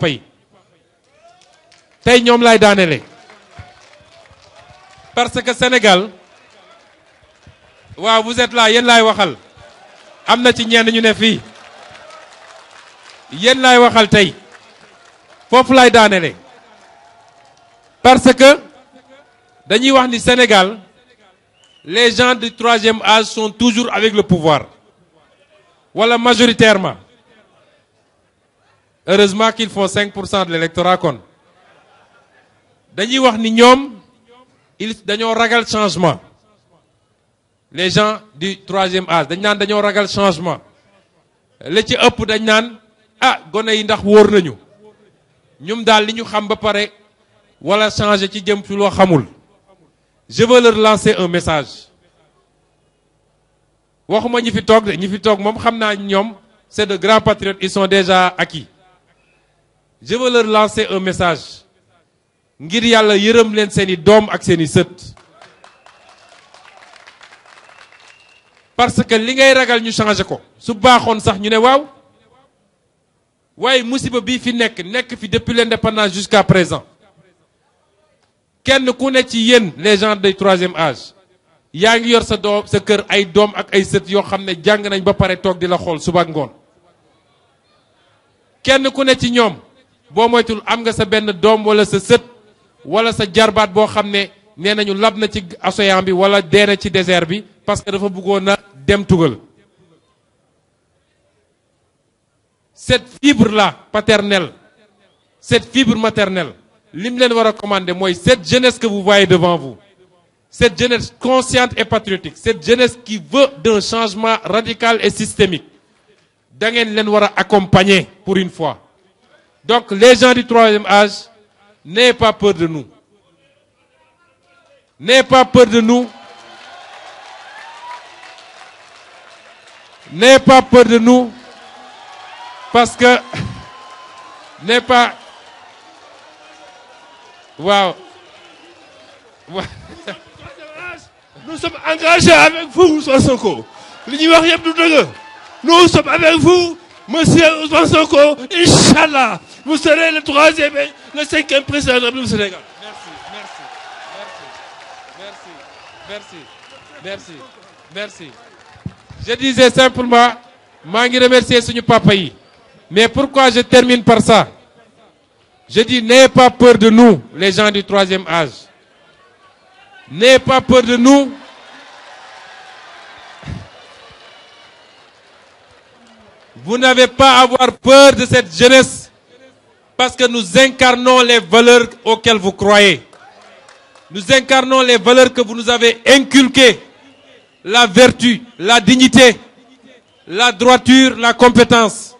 papa yi parce que Sénégal vous êtes là lay waxal wakal. ci ñu waxal parce que dañuy wax Sénégal les gens du troisième âge sont toujours avec le pouvoir Voilà, majoritairement heureusement qu'ils font 5% de l'électorat Quand dañuy wax ni ñoom ils dañoo ragal changement les gens du troisième âge dañ naan le ragal changement li ci ëpp dañ naan ah goné yi ndax wóor nañu ñum dal li ñu xam ba pare wala changer ci jëm ci lo xamul je veux leur lancer un message waxuma ñi fi tok de ñi fi tok mom xamna ñom c'est de grands patriotes ils sont déjà acquis je veux leur lancer un message ngir yalla yeureum len seni dom ak seni seut. parce que li ngay ragal ñu changer ko su baxone sax ñu ne waw. Way musiba bi fi nek nek fi depuis l'indépendance jusqu'à présent kenn ku ne ci yéen les gens de troisième âge yaa ngi yor sa dom sa kër ay dom ak ay seut yo xamné ne nañ ba paré tok di la xol suba ak ngoon kenn ku ne ci ñom boo moytul am nga sa ben doom wala sa sët wala sa jarbat bo xam ne labna ci océan bi wala dee ci désert bi parce que dafa bëggona a dem tugal cette fibre là paternelle cette fibre maternelle lim leen wara je commander recommande, cette jeunesse que vous voyez devant vous cette jeunesse consciente et patriotique cette jeunesse qui veut d'un changement radical et systémique da ngeen leen wara accompagner pour une fois donc les gens du troisième âge, n'aient pas peur de nous. N'aie pas peur de nous. N'aie pas peur de nous. Parce que n'est pas. Waouh. Wow. Nous sommes engagés avec vous, Ousmane Sonko. Nous sommes avec vous, monsieur Ousmane Sonko. Inch'Allah vous serez le troisième, le cinquième président de la du Merci, merci, merci, merci, merci, merci, Je disais simplement, je remercie ce papa. Mais pourquoi je termine par ça Je dis, n'ayez pas peur de nous, les gens du troisième âge. N'ayez pas peur de nous. Vous n'avez pas à avoir peur de cette jeunesse parce que nous incarnons les valeurs auxquelles vous croyez. Nous incarnons les valeurs que vous nous avez inculquées. La vertu, la dignité, la droiture, la compétence.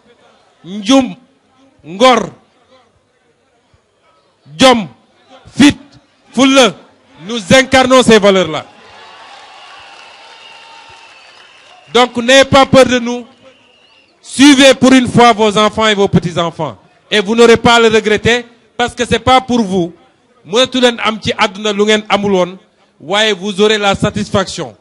Ndjoum, Ngor, Djom, Fit, Foule. Nous incarnons ces valeurs-là. Donc n'ayez pas peur de nous. Suivez pour une fois vos enfants et vos petits-enfants et vous n'aurez pas à le regretter parce que ce n'est pas pour vous vous aurez la satisfaction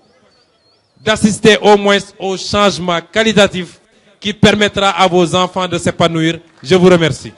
d'assister au moins au changement qualitatif qui permettra à vos enfants de s'épanouir je vous remercie